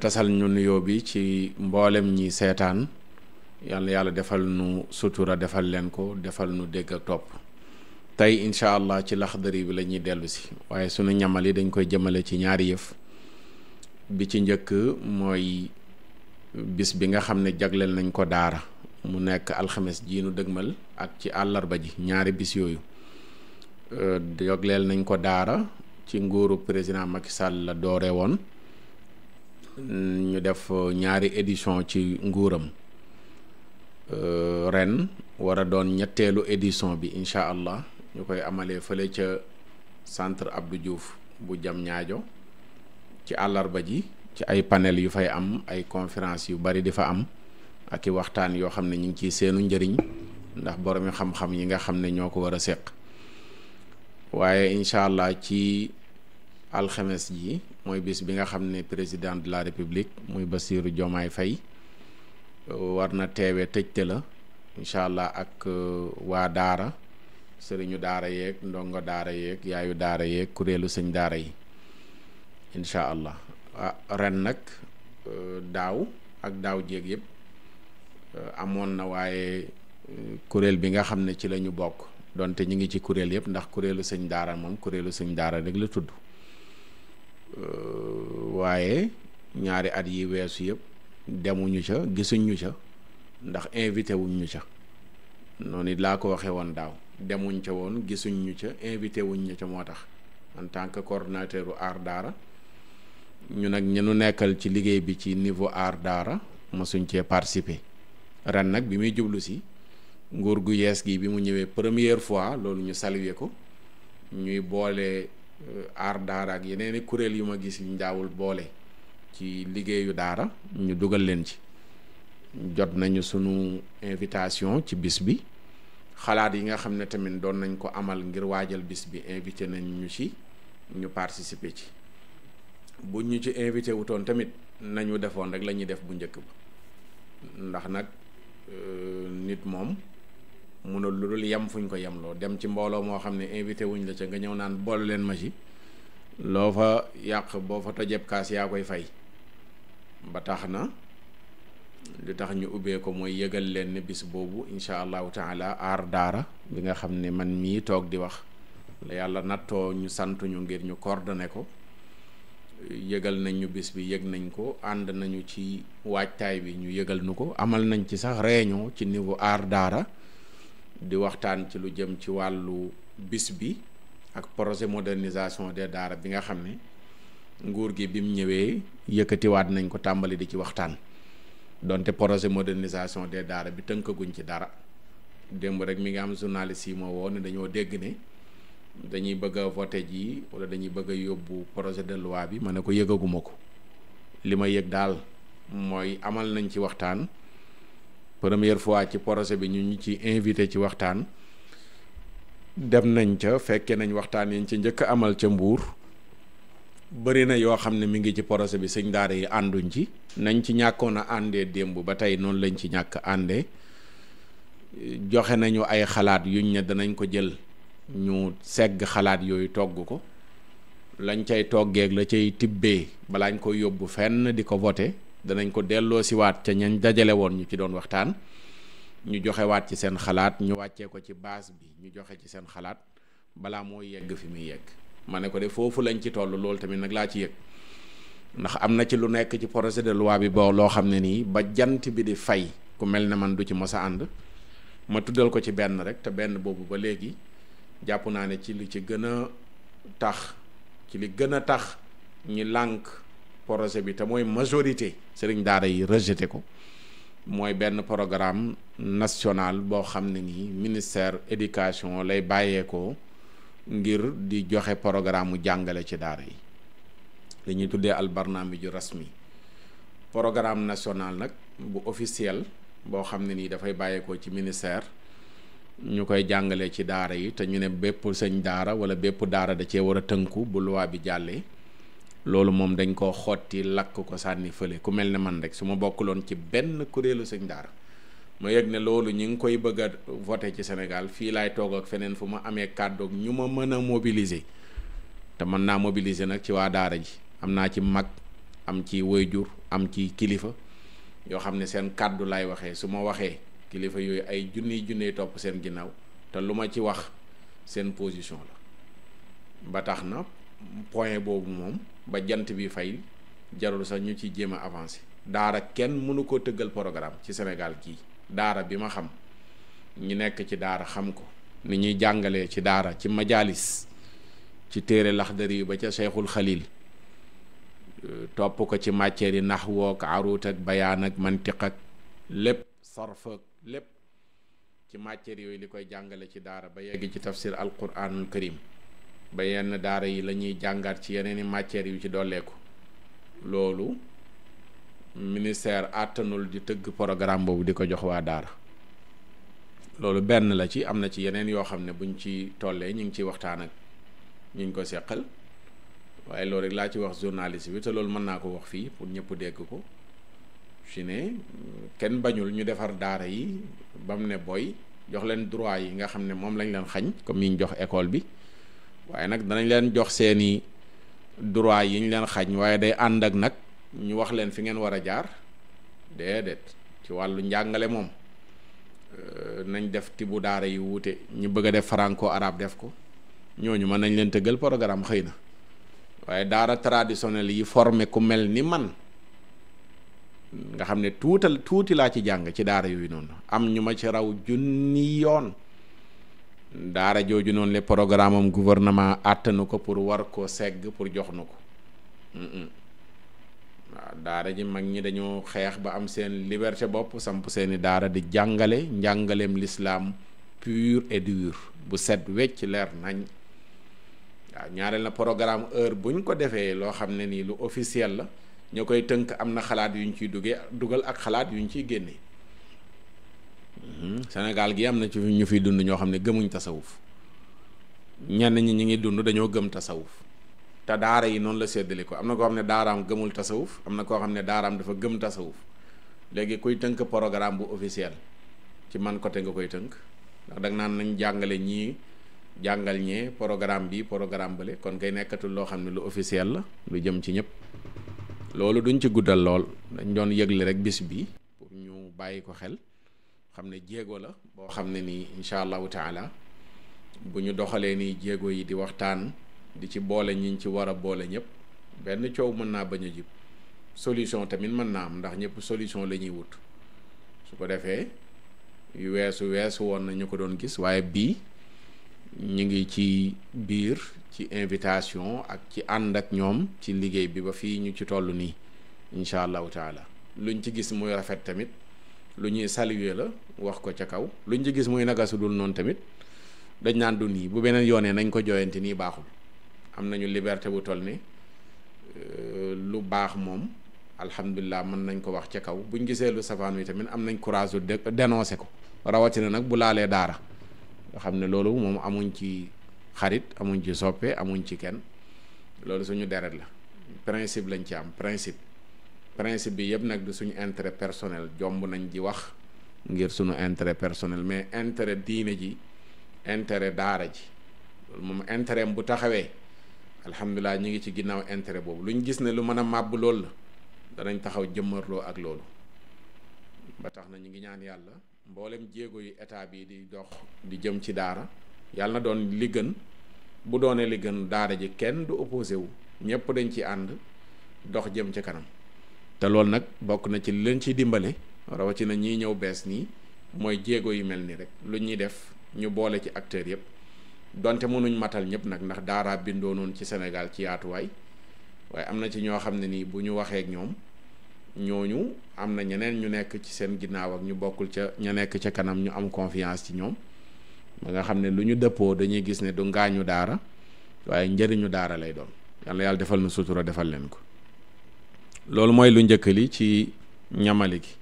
tasal ñu nuyoo bi ci mboolem ñi seetaan yàlla yàlla defal nu sutura defal leen ko defal nu dégg ak topp tey incha allah ci laxdari bi la ñuy dellu si waaye sunu ñamal yi dañ koy jëmale ci ñaari yëf bi ci njëkk mooy bis bi nga xam ne jagleel nañ ko daara mu nekk alxames ji dëgmal ak ci àllarba ji ñaari bis yooyu euh, jagleel nañ ko daara ci nguuru président Macky Sall la dooree woon ñu def euh, ñaari édition ci nguuram euh, ren war a doon ñetteelu édition bi incha allah ñu koy amalee fële ca centre Abdou juuf bu jam ñaajo ci àllarba ji ci ay panel yu fay am ay conférence yu bari di fa am ak i waxtaan yoo xam ne ñu ngi ciy seenu njëriñ ndax boromi xam-xam yi nga xam ne ñoo ko war a seq waaye incha allah ci alxames ji mooy bis bi nga xam ne président de la république muy Bassirou Diomaye Faye euh, war na teewee tëjte la incha allah ak euh, waa daara sëriñu daara yeeg ndongo daara yeeg yaayu daara yeeg kuréelu sëñ daara yi incha allah ah, ren nag euh, daaw ak daaw jeeg yëpp amoon na waaye kuréel bi nga xam ne ci la ñu bokk donte ñu ngi ci kuréel yëpp ndax kuréelu sëñ daara moom kuréelu sëñ daara rek la tudd Euh, waaye ñaari at yi weesu yëpp demuñu ca gisuñu ca ndax invité wuñu ca noonu it laa ko waxe woon daaw demuñ ca woon gisuñu ca invité wuñu ca moo tax en tant que coordonnateur u aar daara ñu nag ñu nu nekkal ci liggéey bi ci niveau aar daara mosuñ cee participer ren nag bi muy jublu si nguur gu yees gi bi mu ñëwee première fois loolu ñu saluer ko ñuy boole. Euh, aar daara ak yeneen i kuréel yu ma gis njaawul boole ci liggéeyu daara ñu dugal leen ci jot nañu sunu invitation ci bis bi xalaat yi nga xam ne tamit doon nañ ko amal ngir waajal bis bi invité nañ ñu ci ñu participer ci bu ñu ci invité wutoon tamit nañu defoon rek la ñuy def bu njëkk ba ndax nag euh, nit moom munul lu dul yem fuñ ko loo dem ci mbooloo moo xam ne invité wuñ la ca nga ñëw naan bool leen ma ci loo fa yàq boo fa tojeb kaas yaa koy fay ba tax na li tax ñu ubbee ko mooy yëgal leen ne bis boobu incha allahu taala aar daara bi nga xam ne man mii toog di wax la yàlla nattoo ñu sant ñu ngir ñu coordonné ko yëgal nañ ñu bis bi yëg nañ ko ànd nañu ci waajtaay bi ñu yëgal nu ko amal nañ ci sax réunion ci niveau aar daara di waxtaan ci lu jëm ci wàllu bis bi ak projet modernisation des daara bi nga xam ne nguur gi bi mu ñëwee yëkkatiwaat nañ ko tàmbali di ci waxtaan donte projet modernisation des daara bi tënkaguñ ci dara démb rek mi ngi am journaliste yi moo woo ne dañoo dégg ne dañuy bëgg vote voté ji wala dañuy bëgg a yóbbu projet de loi bi ma ne ko yëgaguma ko li ma yëg daal mooy amal nañ ci waxtaan première fois ci projet bi ñu ñu ci invité ci waxtaan dem nañ ca fekke nañ waxtaan yi ñu ci njëkk amal ca Mbuur bëri na yoo xam ne mi ngi ci projet bi sëñ daara yi ànduñ ci nañ ci ñàkkoon a àndee démb ba tey noonu lañ ci ñàkk àndee joxe nañu ay xalaat yuñ ne danañ ko jël ñu segg xalaat yooyu togg ko lañ cay toggeek la cay tibbee balaañ ko yóbbu fenn di ko voté danañ ko delloo si waat ca ñañ dajale woon ñu ci doon waxtaan ñu joxe waat ci seen xalaat ñu wàccee ko ci baas bi ñu joxe ci seen xalaat balaa moo yegg fi muy yegg ma ne ko de foofu lañ ci toll loolu tamit nag laa ci yëg ndax am na ci lu nekk ci projet de loi bi boo loo xam ne nii ba jant bi di fay ku mel ne man du ci mos ànd ma tuddal ko ci benn rek te benn boobu ba léegi jàpp naa ne ci li ci gën a tax ci li gën a tax ñi lànk projet bi te mooy majorité sëriñ daara yi rejeté ko mooy benn programme national boo xam ne nii ministère éducation lay bàyyeekoo ngir di joxe programme mu jàngale ci daara yi li ñuy tuddee albarnaamiju rasmi programme national nag bu officiel boo xam ne nii dafay bàyyeekoo ci ministère ñu koy jàngale ci daara yi te ñu ne bépp sëñ daara wala bépp daara da cee war a tënku bu loi bi jàllee loolu moom dañ koo xotti lakk ko sànni fële ku mel ne man rek su ma bokkuloon ci benn kuréelu sëñ daara ma yëg ne loolu ñu ngi koy bëgg a voté ci Sénégal fii laay toog ak feneen fu ma amee kàddu ak ñu ma mën a mobiliser te mën naa mobiliser nag ci waa daara ji am naa ci mag am ci waajur am ci kilifa yoo xam ne seen kàddu laay waxee su ma waxee kilifa yooyu ay junniy junniy topp seen ginnaaw te lu ma ci wax seen position la ba tax na point boobu moom ba jant bi fay jarul sax ñu ci jéem a avancé daara kenn mënu ko tëggal programme ci senegal kii daara bi ma xam ñu nekk ci daara xam ko ni ñuy jàngalee ci daara ci majalis ci téere laxdari yu ba ca Cheikhul Khalil topp ko ci matière yi nax wook aruut ak bayaan ak mantiq ak lépp sarf ak lépp ci matière yooyu li koy jàngale ci daara ba yegg ci tafsir alquranul karim ba yenn daara yi la ñuy jàngaat ci yeneen i matières yu ci dolleeku loolu ministère àttanul di tëgg programme boobu di ko jox waa daara loolu benn la ci am na ci yeneen yoo xam ne buñ ci tollee ñu ngi ciy waxtaan ak ñu ngi ko seqal waaye loolu rek laa ci wax journaliste bi te loolu mën naa ko wax fii pour ñëpp dégg ko su kenn bañul ñu defar daara yi ba mu ne boy jox leen droit yi nga xam ne moom lañ leen xañ comme yi ñu jox école bi waaye nag danañ leen jox seeni droit yi ñu leen xañ waaye day ànd ak nag ñu wax leen fi ngeen war a jaar déedéet ci wàllu njàngale moom euh, nañ def tibu daara yi wuute ñu bëgg a def franco arabe def ko ñooñu mën nañ leen tëggal programme xëy na waaye daara traditionnel yi forme ku mel ni man nga xam ne tuutal tuuti laa ci jàng ci daara yooyu noonu am ñu ma ci raw junni yoon daara jooju noonu le programme am gouvernement àttanu ko pour war koo segg pour jox ko waaw daara ji mag ñi dañoo xeex ba am seen liberté bopp samp seeni daara di jàngale njàngaleem lislaam pur et dur bu set wecc leer nañ waaw ñaareel na programme heure buñ ko defee loo xam ne nii lu officiel la ñoo koy tënk am na xalaat yuñ ciy duggee dugal ak xalaat yuñ ciy génnee Sénégal gi am na ci ñu fi dund ñoo xam ne gëmuñ tasawuf ñen ñi ñu ngi dund dañoo gëm tasawuf te daara yi noonu la séddale ko am na koo xam ne daaraam gëmul tasawuf am na koo xam ne daaraam dafa gëm tasawuf léegi kuy tënk programme bu officiel ci man côté nga koy tënk ndax danga naan nañ jàngale ñii jàngal ñee programme bi programme bële kon kay nekkatul loo xam ne lu officiel la lu jëm ci ñëpp loolu duñ ci guddal lool dañ doon yëgle rek bis bi pour ñu bàyyi ko xel xam ne jéego la boo xam ne nii incha allahu taala bu ñu doxalee nii jéego yi di waxtaan di ci boole ñiñ ci war a boole ñëpp benn coow mën naa bañ a jib solution tamit mën naa am ndax ñëpp solution lañuy wut su ko defee weesu weesu woon na ñu ko doon gis waaye bii ñu ngi ci biir ci invitation ak ci ànd ak ñoom ci liggéey bi ba fii ñu ci toll nii incha allahu taala luñ ci gis muy rafet tamit lu ñuy saluer la wax ko ca kaw lu ñu ci gis muy naga su dul noonu tamit dañ naan du nii bu beneen yoonee nañ ko jooyante nii baaxul am nañu liberté bu toll ni euh, lu baax moom alhamdulilah mën nañ ko wax ca kaw buñ gisee lu safaan wi tamit am nañ courage de dénoncer ko rawatina nag bu laalee daara nga xam ne loolu moom amuñ ci xarit amuñ ci soppe amuñ ci kenn loolu suñu deret la principe lañ ci am principe principe bi yëpp nag du suñu intérêt personnel jomb nañ ji wax ngir sunu intérêt personnel mais intérêt diine ji intérêt daara ji loolu moom intérêt bu taxawee alhamdulilah ñu ngi ci ginnaaw intérêt boobu lu ñu gis ne lu mën a màbb lool la danañ taxaw jëmmarloo ak loolu ba tax na ñu ngi ñaan yàlla mbooleem jéego yu état bi di dox di jëm ci daara yàlla doon li gën bu doonee li gën daara ji kenn du opposé wu ñëpp dañ ci ànd dox jëm ca kanam te loolu nag bokk na ci li leen ciy dimbale rawatina ñiy ñëw bees nii mooy jéego yu mel nii rek lu ñuy def ñu boole ci acteurs yëpp donte mënuñ matal ñëpp nag ndax daara bindoo noonu ci senegal ci yaatuwaay waaye am na ci ñoo xam ne nii bu ñu waxee ak ñoom ñooñu am na ñeneen ñu nekk ci seen ginnaaw ak ñu bokkul ca ña nekk ca kanam ñu am confiance ci ñoom ba nga xam ne lu ñu dëppoo dañuy gis ne du ngaañu daara waaye njëriñu daara lay doon yàlla yàlla defal na sutura defal leen ko. loolu mooy lu njëkk li ci ñamali gi